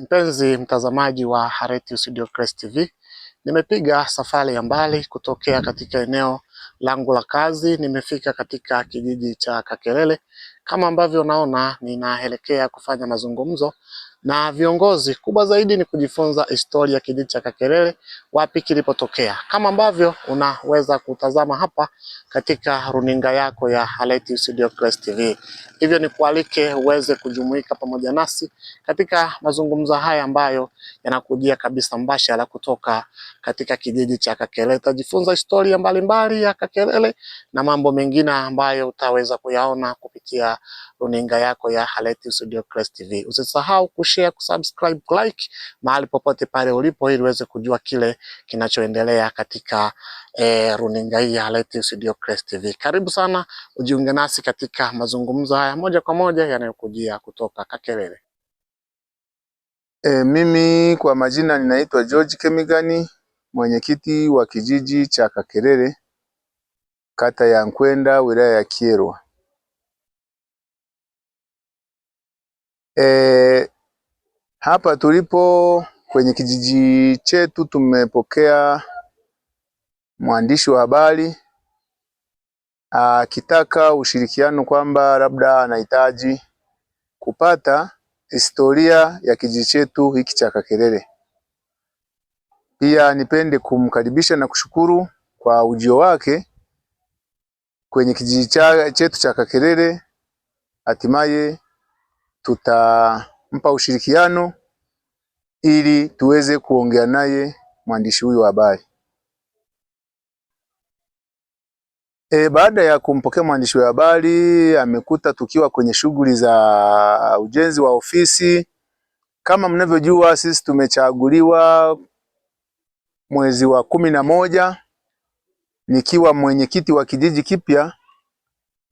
Mpenzi mtazamaji wa Hareti Studio Crest TV, nimepiga safari ya mbali kutokea katika eneo langu la kazi. Nimefika katika kijiji cha Kakelele, kama ambavyo unaona ninaelekea kufanya mazungumzo na viongozi. Kubwa zaidi ni kujifunza historia ya kijiji cha Kakerere, wapi kilipotokea, kama ambavyo unaweza kutazama hapa katika runinga yako ya Halaiti Studio Crest TV. Hivyo ni kualike uweze kujumuika pamoja nasi katika mazungumzo haya ambayo yanakujia kabisa mbashara kutoka katika kijiji cha Kakerere. Utajifunza historia mbalimbali ya Kakerere na mambo mengine ambayo utaweza kuyaona kupitia runinga yako ya Halaiti Studio Crest TV. Usisahau kush kushare, kusubscribe, like mahali popote pale ulipo, ili uweze kujua kile kinachoendelea katika eh, runinga hii ya Latest Diocles TV. Karibu sana ujiunge nasi katika mazungumzo haya moja kwa moja yanayokujia kutoka Kakerere. E, mimi kwa majina ninaitwa George Kemigani, mwenyekiti wa kijiji cha kakerere kata ya Nkwenda, wilaya ya Kyerwa. E, hapa tulipo kwenye kijiji chetu tumepokea mwandishi wa habari akitaka ushirikiano kwamba labda anahitaji kupata historia ya kijiji chetu hiki cha kakerere Pia nipende kumkaribisha na kushukuru kwa ujio wake kwenye kijiji chetu cha kakerere Hatimaye tuta mpa ushirikiano ili tuweze kuongea naye mwandishi huyu wa habari. E, baada ya kumpokea mwandishi wa habari amekuta tukiwa kwenye shughuli za ujenzi wa ofisi. Kama mnavyojua sisi tumechaguliwa mwezi wa kumi na moja nikiwa mwenyekiti wa kijiji kipya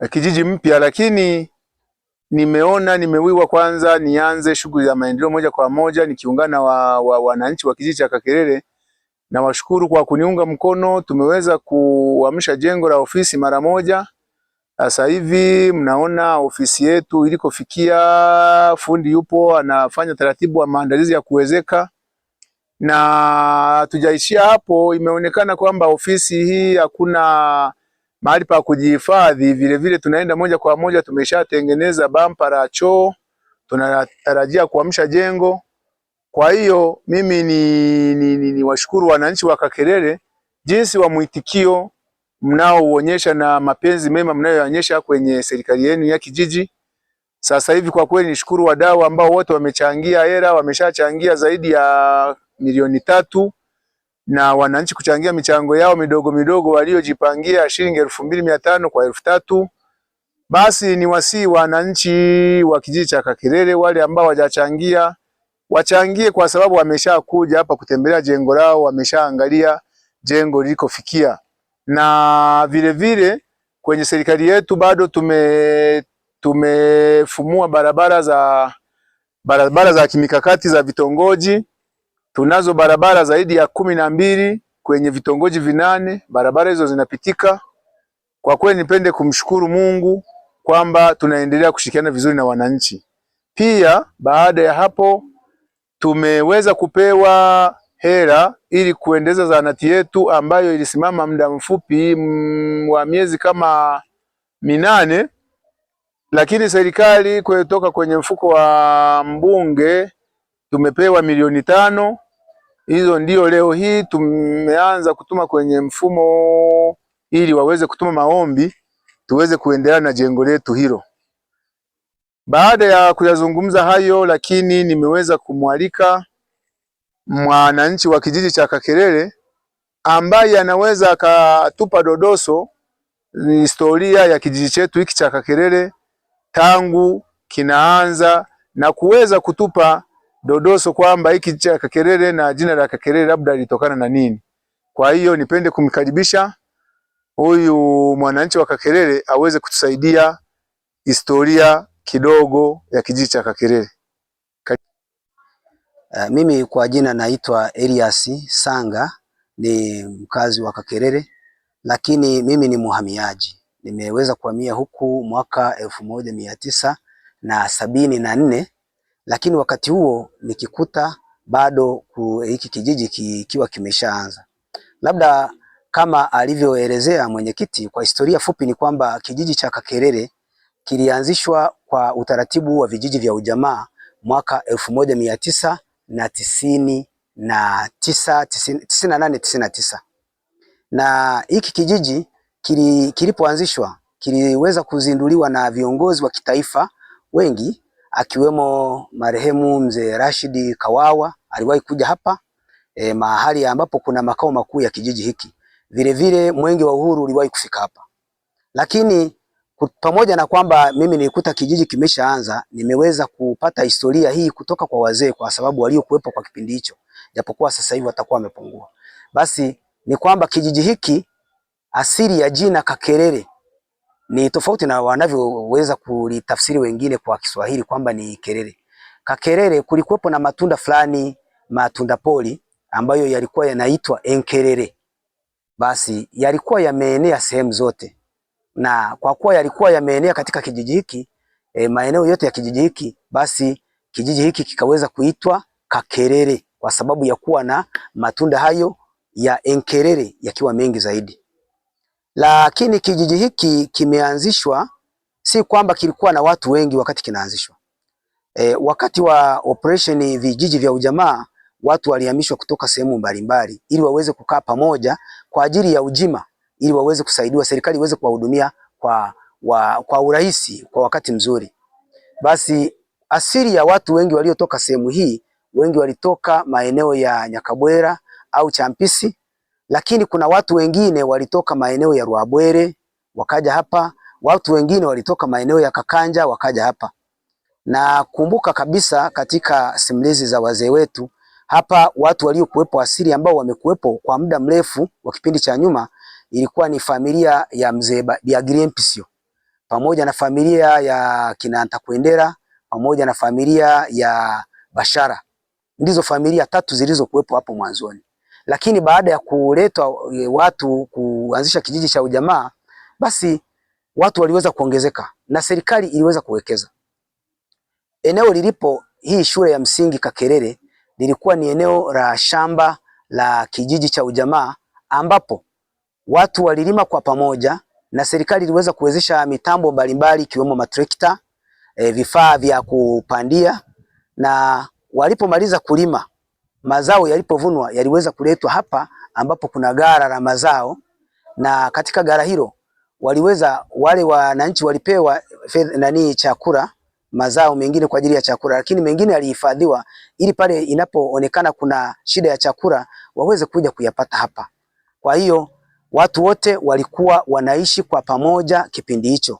kijiji mpya, lakini nimeona nimewiwa kwanza nianze shughuli za maendeleo moja kwa moja nikiungana na wa, wananchi wa kijiji cha Kakerere. Nawashukuru kwa kuniunga mkono. Tumeweza kuamsha jengo la ofisi mara moja. Sasa hivi mnaona ofisi yetu ilikofikia. Fundi yupo anafanya taratibu wa maandalizi ya kuwezeka, na tujaishia hapo. Imeonekana kwamba ofisi hii hakuna mahali pa kujihifadhi vilevile, tunaenda moja kwa moja, tumeshatengeneza bampa la choo, tunatarajia kuamsha jengo. Kwa hiyo mimi ni, ni, ni, ni washukuru wananchi wa Kakerere jinsi wa mwitikio mnaouonyesha na mapenzi mema mnayoonyesha kwenye serikali yenu ya kijiji. Sasa hivi kwa kweli nishukuru wadau ambao wote wamechangia hela, wameshachangia zaidi ya milioni tatu na wananchi kuchangia michango yao midogo midogo waliojipangia shilingi elfu mbili mia tano kwa elfu tatu basi ni wasii wananchi wa kijiji cha Kakirere wale ambao wajachangia wachangie, kwa sababu wameshakuja hapa kutembelea jengo lao, wameshaangalia jengo lilikofikia. Na vilevile vile, kwenye serikali yetu bado tume tumefumua barabara za barabara za kimikakati za vitongoji Tunazo barabara zaidi ya kumi na mbili kwenye vitongoji vinane. Barabara hizo zinapitika. Kwa kweli nipende kumshukuru Mungu kwamba tunaendelea kushirikiana vizuri na wananchi. Pia baada ya hapo tumeweza kupewa hela ili kuendeleza zahanati yetu ambayo ilisimama muda mfupi mm, wa miezi kama minane, lakini serikali kutoka kwenye mfuko wa mbunge tumepewa milioni tano Hizo ndio leo hii tumeanza kutuma kwenye mfumo ili waweze kutuma maombi tuweze kuendelea na jengo letu hilo. Baada ya kuyazungumza hayo, lakini nimeweza kumwalika mwananchi wa kijiji cha kakerere ambaye anaweza akatupa dodoso ni historia ya kijiji chetu hiki cha kakerere tangu kinaanza na kuweza kutupa dodoso kwamba hiki cha Kakerere na jina la Kakerere labda litokana na nini. Kwa hiyo nipende kumkaribisha huyu mwananchi wa Kakerere aweze kutusaidia historia kidogo ya kijiji cha Kakerere. Uh, mimi kwa jina naitwa Elias Sanga ni mkazi wa Kakerere, lakini mimi ni muhamiaji. Nimeweza kuhamia huku mwaka elfu moja mia tisa na sabini na nne lakini wakati huo nikikuta bado hiki kijiji kikiwa kimeshaanza. Labda kama alivyoelezea mwenyekiti, kwa historia fupi ni kwamba kijiji cha Kakerere kilianzishwa kwa utaratibu wa vijiji vya ujamaa mwaka elfu moja mia tisa na tisini na tisa, tisini na nane, tisini na tisa. Na hiki kijiji kilipoanzishwa kiliweza kuzinduliwa na viongozi wa kitaifa wengi akiwemo marehemu mzee Rashidi Kawawa aliwahi kuja hapa e, mahali ambapo kuna makao makuu ya kijiji hiki. Vilevile Mwenge wa Uhuru uliwahi kufika hapa, lakini pamoja na kwamba mimi nilikuta kijiji kimeshaanza, nimeweza kupata historia hii kutoka kwa wazee, kwa sababu waliokuwepo kwa kipindi hicho, japokuwa sasa hivi watakuwa wamepungua. Basi ni kwamba kijiji hiki asili ya jina Kakerere ni tofauti na wanavyoweza kulitafsiri wengine kwa Kiswahili kwamba ni kelele. Kakelele kulikuwepo na matunda fulani, matunda poli ambayo yalikuwa yanaitwa enkelele. Basi yalikuwa yameenea sehemu zote, na kwa kuwa yalikuwa yameenea katika kijiji hiki e, maeneo yote ya kijiji hiki, basi kijiji hiki kikaweza kuitwa Kakelele kwa sababu ya kuwa na matunda hayo ya enkelele yakiwa mengi zaidi. Lakini kijiji hiki kimeanzishwa si kwamba kilikuwa na watu wengi wakati kinaanzishwa. E, wakati wa operation vijiji vya ujamaa watu walihamishwa kutoka sehemu mbalimbali ili waweze kukaa pamoja kwa ajili ya ujima ili waweze kusaidiwa, serikali iweze kuwahudumia kwa, wa, kwa urahisi kwa wakati mzuri. Basi asili ya watu wengi waliotoka sehemu hii, wengi walitoka maeneo ya Nyakabwera au Champisi lakini kuna watu wengine walitoka maeneo ya Ruabwere wakaja hapa, watu wengine walitoka maeneo ya Kakanja wakaja hapa. Na kumbuka kabisa katika simulizi za wazee wetu hapa, watu waliokuwepo asili ambao wamekuwepo kwa muda mrefu wa kipindi cha nyuma ilikuwa ni familia ya mzee ya Grimpsio pamoja na familia ya Kinanta Kuendera pamoja na familia ya Bashara. Ndizo familia tatu zilizokuwepo hapo mwanzoni. Lakini baada ya kuletwa e, watu kuanzisha kijiji cha ujamaa, basi watu waliweza kuongezeka na serikali iliweza kuwekeza. Eneo lilipo hii shule ya msingi Kakerere lilikuwa ni eneo la shamba la kijiji cha ujamaa ambapo watu walilima kwa pamoja na serikali iliweza kuwezesha mitambo mbalimbali ikiwemo matrekta, e, vifaa vya kupandia na walipomaliza kulima mazao yalipovunwa yaliweza kuletwa hapa ambapo kuna gara la mazao, na katika gara hilo waliweza wale wananchi walipewa nani chakula mazao mengine kwa ajili ya chakula, lakini mengine yalihifadhiwa ili pale inapoonekana kuna shida ya chakula waweze kuja kuyapata hapa. Kwa hiyo watu wote walikuwa wanaishi kwa pamoja kipindi hicho.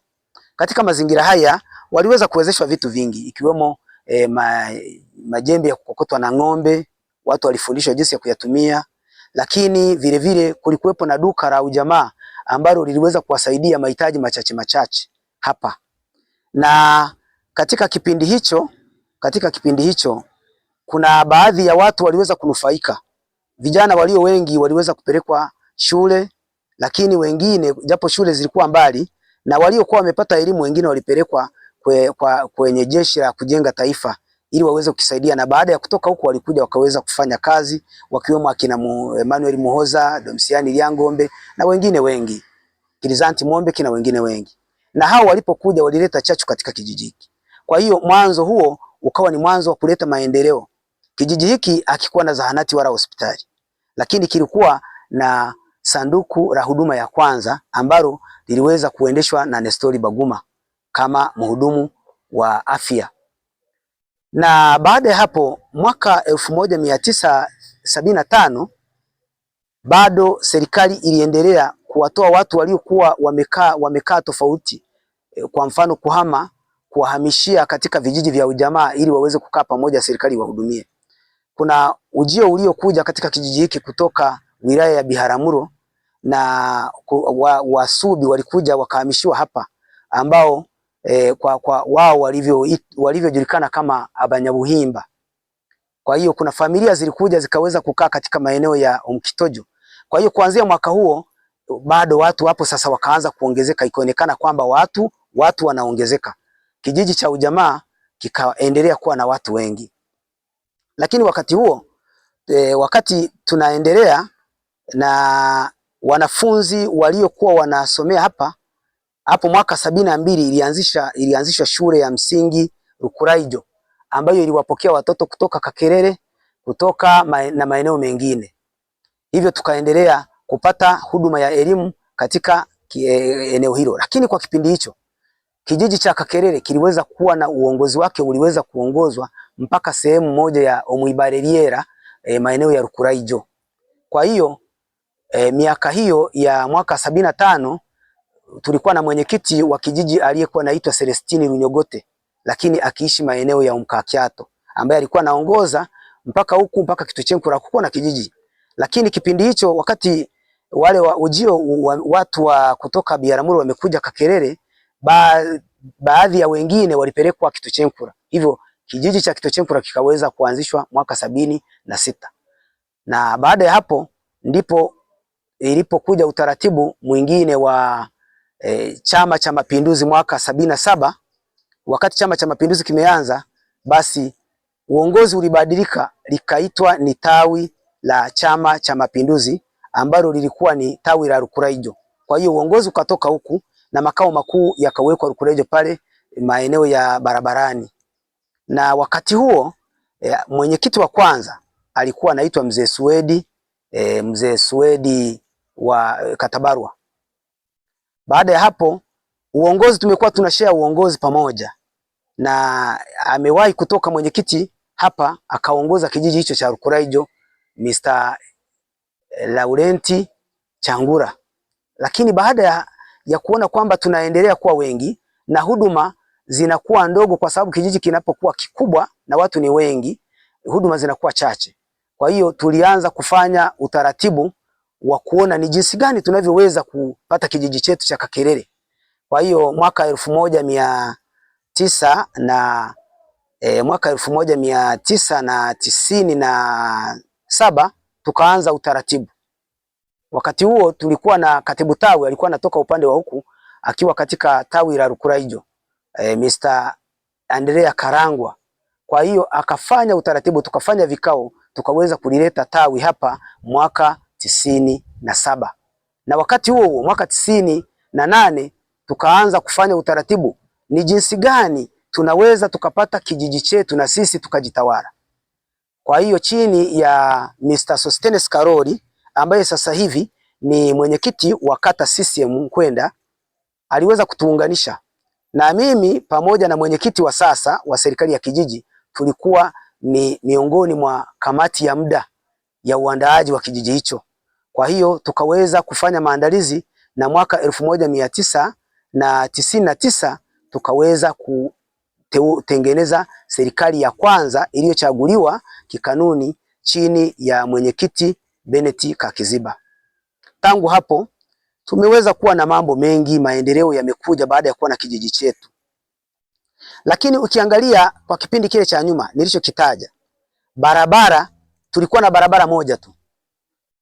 Katika mazingira haya waliweza kuwezeshwa vitu vingi ikiwemo e, ma, majembe ya kukokotwa na ng'ombe watu walifundishwa jinsi ya kuyatumia, lakini vilevile kulikuwepo na duka la ujamaa ambalo liliweza kuwasaidia mahitaji machache machache hapa. Na katika kipindi hicho, katika kipindi hicho kuna baadhi ya watu waliweza kunufaika. Vijana walio wengi waliweza kupelekwa shule, lakini wengine japo shule zilikuwa mbali, na waliokuwa wamepata elimu wengine walipelekwa kwe, kwa, kwenye jeshi la kujenga taifa ili waweze kukisaidia, na baada ya kutoka huko walikuja wakaweza kufanya kazi, wakiwemo akina Emmanuel Muhoza, Domsiani Liangombe na wengine wengi, Kilizanti Mombe na wengine wengi. Na hao walipokuja walileta chachu katika kijiji hiki. Kwa hiyo mwanzo huo ukawa ni mwanzo wa kuleta maendeleo. Kijiji hiki hakikuwa na zahanati wala hospitali, lakini kilikuwa na sanduku la huduma ya kwanza ambalo liliweza kuendeshwa na Nestori Baguma kama mhudumu wa afya na baada ya hapo mwaka elfu moja mia tisa sabini na tano bado serikali iliendelea kuwatoa watu waliokuwa wamekaa wamekaa tofauti, e, kwa mfano kuhama, kuwahamishia katika vijiji vya ujamaa ili waweze kukaa pamoja, serikali wahudumie. Kuna ujio uliokuja katika kijiji hiki kutoka wilaya ya Biharamulo na Wasubi wa walikuja wakahamishiwa hapa ambao e, kwa, kwa wao walivyo walivyojulikana kama Abanyabuhimba. Kwa hiyo kuna familia zilikuja zikaweza kukaa katika maeneo ya Omkitojo. Kwa hiyo kuanzia mwaka huo bado watu wapo sasa wakaanza kuongezeka, ikionekana kwamba watu watu wanaongezeka, kijiji cha ujamaa kikaendelea kuwa na watu wengi. Lakini wakati huo e, wakati tunaendelea na wanafunzi waliokuwa wanasomea hapa hapo mwaka sabini na mbili ilianzisha ilianzisha shule ya msingi Rukuraijo ambayo iliwapokea watoto kutoka Kakerere kutoka na maeneo mengine, hivyo tukaendelea kupata huduma ya elimu katika e, eneo hilo. Lakini kwa kipindi hicho kijiji cha Kakerere kiliweza kuwa na uongozi wake uliweza kuongozwa mpaka sehemu moja ya Omwibareliera e, maeneo ya Rukuraijo. Kwa hiyo e, miaka hiyo ya mwaka sabini na tano tulikuwa na mwenyekiti wa kijiji aliyekuwa anaitwa Celestini Runyogote, lakini akiishi maeneo ya Umkakyato ambaye alikuwa anaongoza mpaka huku mpaka Kituchenkura kukuwa na kijiji. Lakini kipindi hicho wakati wale wa ujio wa, watu wa kutoka Biaramuru wamekuja Kakerere, ba, baadhi ya wengine walipelekwa Kituchenkura. Hivyo kijiji cha Kituchenkura kikaweza kuanzishwa mwaka sabini na sita na baada ya hapo ndipo ilipokuja utaratibu mwingine wa e, Chama cha Mapinduzi mwaka sabini na saba wakati Chama cha Mapinduzi kimeanza, basi uongozi ulibadilika likaitwa ni tawi la Chama cha Mapinduzi ambalo lilikuwa ni tawi la Rukuraijo. Kwa hiyo uongozi ukatoka huku na makao makuu yakawekwa Rukuraijo pale maeneo ya barabarani, na wakati huo e, mwenyekiti wa kwanza alikuwa anaitwa mzee Swedi e, mzee Swedi wa e, Katabarwa baada ya hapo uongozi tumekuwa tunashare uongozi pamoja, na amewahi kutoka mwenyekiti hapa akaongoza kijiji hicho cha Rukuraijo Mr. Eh, Laurenti Changura, lakini baada ya, ya kuona kwamba tunaendelea kuwa wengi na huduma zinakuwa ndogo, kwa sababu kijiji kinapokuwa kikubwa na watu ni wengi, huduma zinakuwa chache. Kwa hiyo tulianza kufanya utaratibu wa kuona ni jinsi gani tunavyoweza kupata kijiji chetu cha Kakerere. Kwa hiyo mwaka elfu moja mia tisa na e, mwaka elfu moja mia tisa na tisini na saba tukaanza utaratibu. Wakati huo tulikuwa na katibu tawi alikuwa anatoka upande wa huku akiwa katika tawi la Rukuraijo e, eh, Mr. Andrea Karangwa. Kwa hiyo akafanya utaratibu, tukafanya vikao, tukaweza kulileta tawi hapa mwaka tisini na saba na wakati huo huo mwaka tisini na nane tukaanza kufanya utaratibu ni jinsi gani tunaweza tukapata kijiji chetu na sisi tukajitawala. Kwa hiyo chini ya Mr. Sostenes Karori ambaye sasa hivi ni mwenyekiti wa kata CCM Nkwenda aliweza kutuunganisha na mimi pamoja na mwenyekiti wa sasa wa serikali ya kijiji tulikuwa ni miongoni mwa kamati ya muda ya uandaaji wa kijiji hicho. Kwa hiyo tukaweza kufanya maandalizi na mwaka elfu moja mia tisa na tisini na tisa tukaweza kutengeneza serikali ya kwanza iliyochaguliwa kikanuni chini ya mwenyekiti Beneti Kakiziba. Tangu hapo tumeweza kuwa na mambo mengi, maendeleo yamekuja baada ya kuwa na kijiji chetu. Lakini ukiangalia kwa kipindi kile cha nyuma nilichokitaja, barabara tulikuwa na barabara moja tu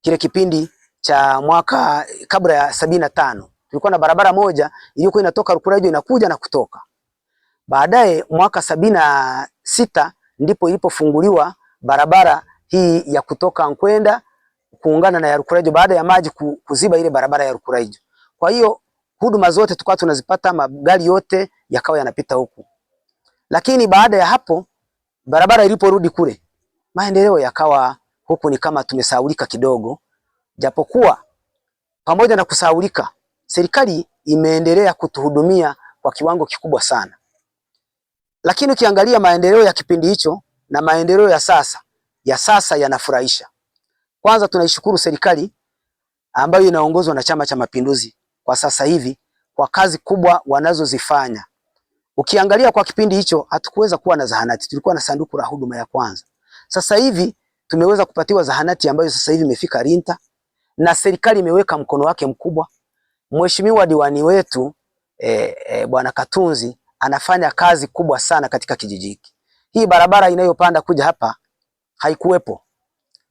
kile kipindi cha mwaka kabla ya sabini na tano tulikuwa na barabara moja iliyokuwa inatoka Rukurajo inakuja na kutoka. Baadaye mwaka sabini na sita ndipo ilipofunguliwa barabara hii ya kutoka Nkwenda kuungana na ya Rukurajo baada ya maji kuziba ile barabara ya Rukurajo. Kwa hiyo huduma zote tukawa tunazipata, magari yote yakawa yanapita huku. Lakini baada ya hapo barabara iliporudi kule, maendeleo yakawa huku ni kama tumesahaulika kidogo, japokuwa pamoja na kusahaulika, serikali imeendelea kutuhudumia kwa kiwango kikubwa sana. Lakini ukiangalia maendeleo ya kipindi hicho na maendeleo ya sasa, ya sasa yanafurahisha. Kwanza tunaishukuru serikali ambayo inaongozwa na Chama cha Mapinduzi kwa sasa hivi kwa kazi kubwa wanazozifanya. Ukiangalia kwa kipindi hicho hatukuweza kuwa na zahanati, tulikuwa na sanduku la huduma ya kwanza. Sasa hivi tumeweza kupatiwa zahanati ambayo sasa hivi imefika Rinta na serikali imeweka mkono wake mkubwa. Mheshimiwa diwani wetu e, e, Bwana Katunzi anafanya kazi kubwa sana katika kijiji hiki. Hii barabara inayopanda kuja hapa haikuwepo,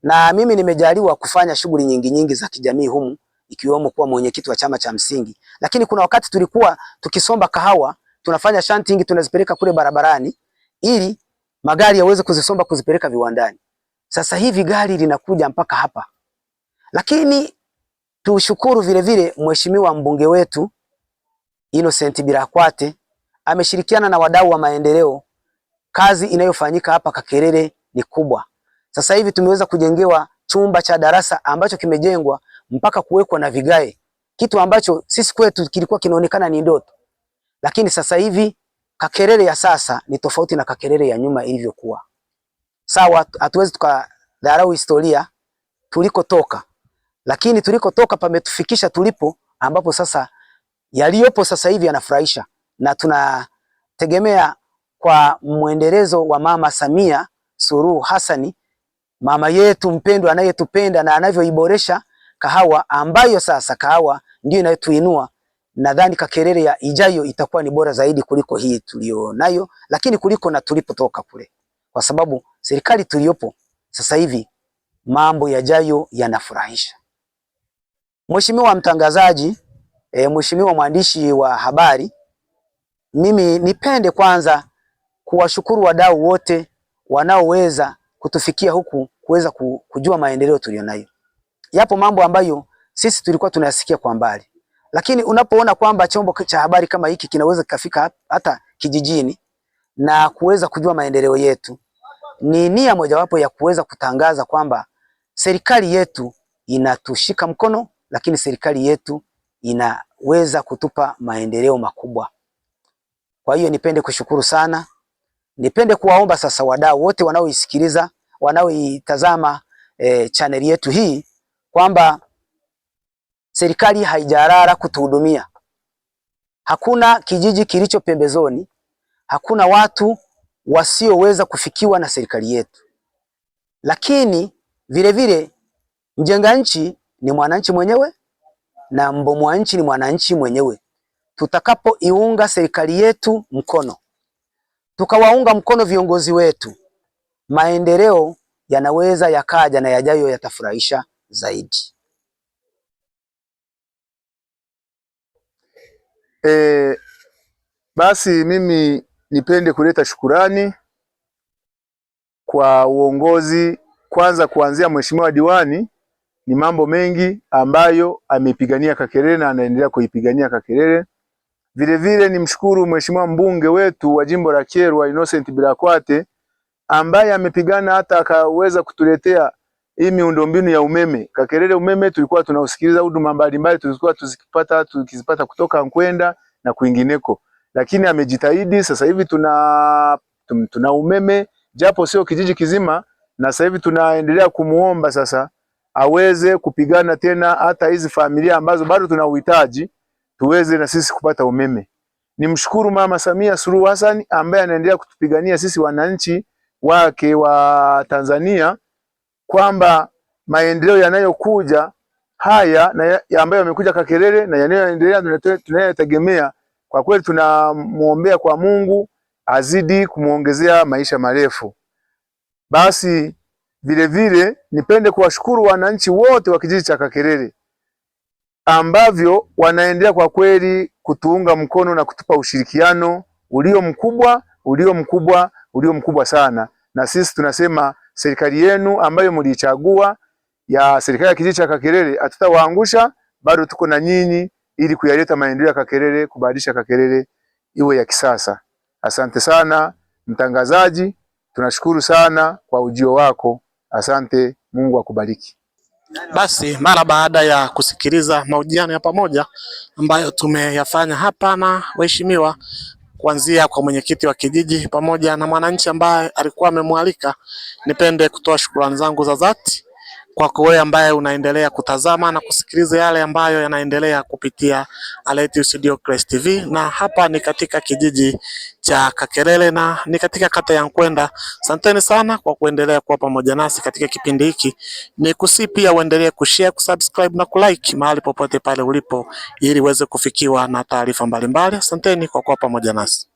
na mimi nimejaliwa kufanya shughuli nyingi nyingi za kijamii humu ikiwemo kuwa mwenyekiti wa chama cha msingi, lakini kuna wakati tulikuwa tukisomba kahawa tunafanya shanting tunazipeleka kule barabarani ili magari yaweze kuzisomba kuzipeleka viwandani. Sasa hivi gari linakuja mpaka hapa, lakini tushukuru vilevile mheshimiwa mbunge wetu Innocent Birakwate ameshirikiana na wadau wa maendeleo. Kazi inayofanyika hapa Kakerere ni kubwa. Sasa hivi tumeweza kujengewa chumba cha darasa ambacho kimejengwa mpaka kuwekwa na vigae, kitu ambacho sisi kwetu kilikuwa kinaonekana ni ndoto, lakini sasa hivi Kakerere ya sasa ni tofauti na Kakerere ya nyuma ilivyokuwa sawa, hatuwezi tukadharau historia tulikotoka, lakini tulikotoka pametufikisha tulipo, ambapo sasa yaliyopo sasa hivi yanafurahisha na tunategemea kwa mwendelezo wa Mama Samia Suluhu Hassani, mama yetu mpendwa, anayetupenda na anavyoiboresha kahawa, ambayo sasa kahawa ndio inayotuinua. Nadhani Kakerere ya ijayo itakuwa ni bora zaidi kuliko hii tuliyonayo, lakini kuliko na tulipotoka kule kwa sababu serikali tuliyopo sasa hivi mambo yajayo yanafurahisha. Mheshimiwa mtangazaji, e, mheshimiwa mwandishi wa habari, mimi nipende kwanza kuwashukuru wadau wote wanaoweza kutufikia huku kuweza kujua maendeleo tuliyonayo. Yapo mambo ambayo sisi tulikuwa tunayasikia kwa mbali, lakini unapoona kwamba chombo cha habari kama hiki kinaweza kikafika hata kijijini na kuweza kujua maendeleo yetu. Ni nia mojawapo ya kuweza kutangaza kwamba serikali yetu inatushika mkono, lakini serikali yetu inaweza kutupa maendeleo makubwa. Kwa hiyo nipende kushukuru sana, nipende kuwaomba sasa wadau wote wanaoisikiliza, wanaoitazama e, eh, chaneli yetu hii kwamba serikali haijalala kutuhudumia. Hakuna kijiji kilicho pembezoni hakuna watu wasioweza kufikiwa na serikali yetu, lakini vilevile mjenga nchi ni mwananchi mwenyewe na mbomwa nchi ni mwananchi mwenyewe. Tutakapoiunga serikali yetu mkono, tukawaunga mkono viongozi wetu, maendeleo yanaweza yakaja na yajayo yatafurahisha zaidi. E, basi mimi nipende kuleta shukurani kwa uongozi kwanza, kuanzia mheshimiwa diwani. Ni mambo mengi ambayo ameipigania Kakerere na anaendelea kuipigania Kakerere. Vilevile nimshukuru mheshimiwa mbunge wetu wa jimbo la Kyerwa Innocent Bilakwate ambaye amepigana hata akaweza kutuletea hii miundombinu ya umeme Kakerere. Umeme tulikuwa tunausikiliza, huduma mbalimbali tulikuwa tuzikipata tukizipata kutoka Nkwenda na kwingineko lakini amejitahidi. Sasa hivi tuna tuna umeme japo sio kijiji kizima, na sasa hivi tunaendelea kumuomba sasa aweze kupigana tena hata hizi familia ambazo bado tuna uhitaji tuweze na sisi kupata umeme. Nimshukuru Mama Samia Suluhu Hassan ambaye anaendelea kutupigania sisi wananchi wake wa Tanzania kwamba maendeleo yanayokuja haya na ya ambayo yamekuja Kakerere na yanayoendelea tunayotegemea kwa kweli tunamwombea kwa Mungu azidi kumwongezea maisha marefu. Basi vile nipende kuwashukuru wananchi wote wa kijiji cha Kakerere ambavyo wanaendelea kwa kweli kutuunga mkono na kutupa ushirikiano ulio mkubwa ulio mkubwa ulio mkubwa sana, na sisi tunasema serikali yenu ambayo mliichagua ya serikali ya kijiji cha Kakerere hatutawaangusha, bado tuko na nyinyi ili kuyaleta maendeleo ya Kakerere, kubadilisha Kakerere iwe ya kisasa. Asante sana mtangazaji, tunashukuru sana kwa ujio wako. Asante, Mungu akubariki. Basi mara baada ya kusikiliza mahojiano ya pamoja ambayo tumeyafanya hapa na waheshimiwa, kuanzia kwa mwenyekiti wa kijiji pamoja na mwananchi ambaye alikuwa amemwalika, nipende kutoa shukrani zangu za dhati kwako wewe ambaye unaendelea kutazama na kusikiliza yale ambayo yanaendelea kupitia Aletius Studio Crest TV, na hapa ni katika kijiji cha Kakelele na ni katika kata ya Nkwenda. Asanteni sana kwa kuendelea kuwa pamoja nasi katika kipindi hiki. Ni kusi pia uendelee kushare, kusubscribe na kulike mahali popote pale ulipo, ili uweze kufikiwa na taarifa mbalimbali. Asanteni kwa kuwa pamoja nasi.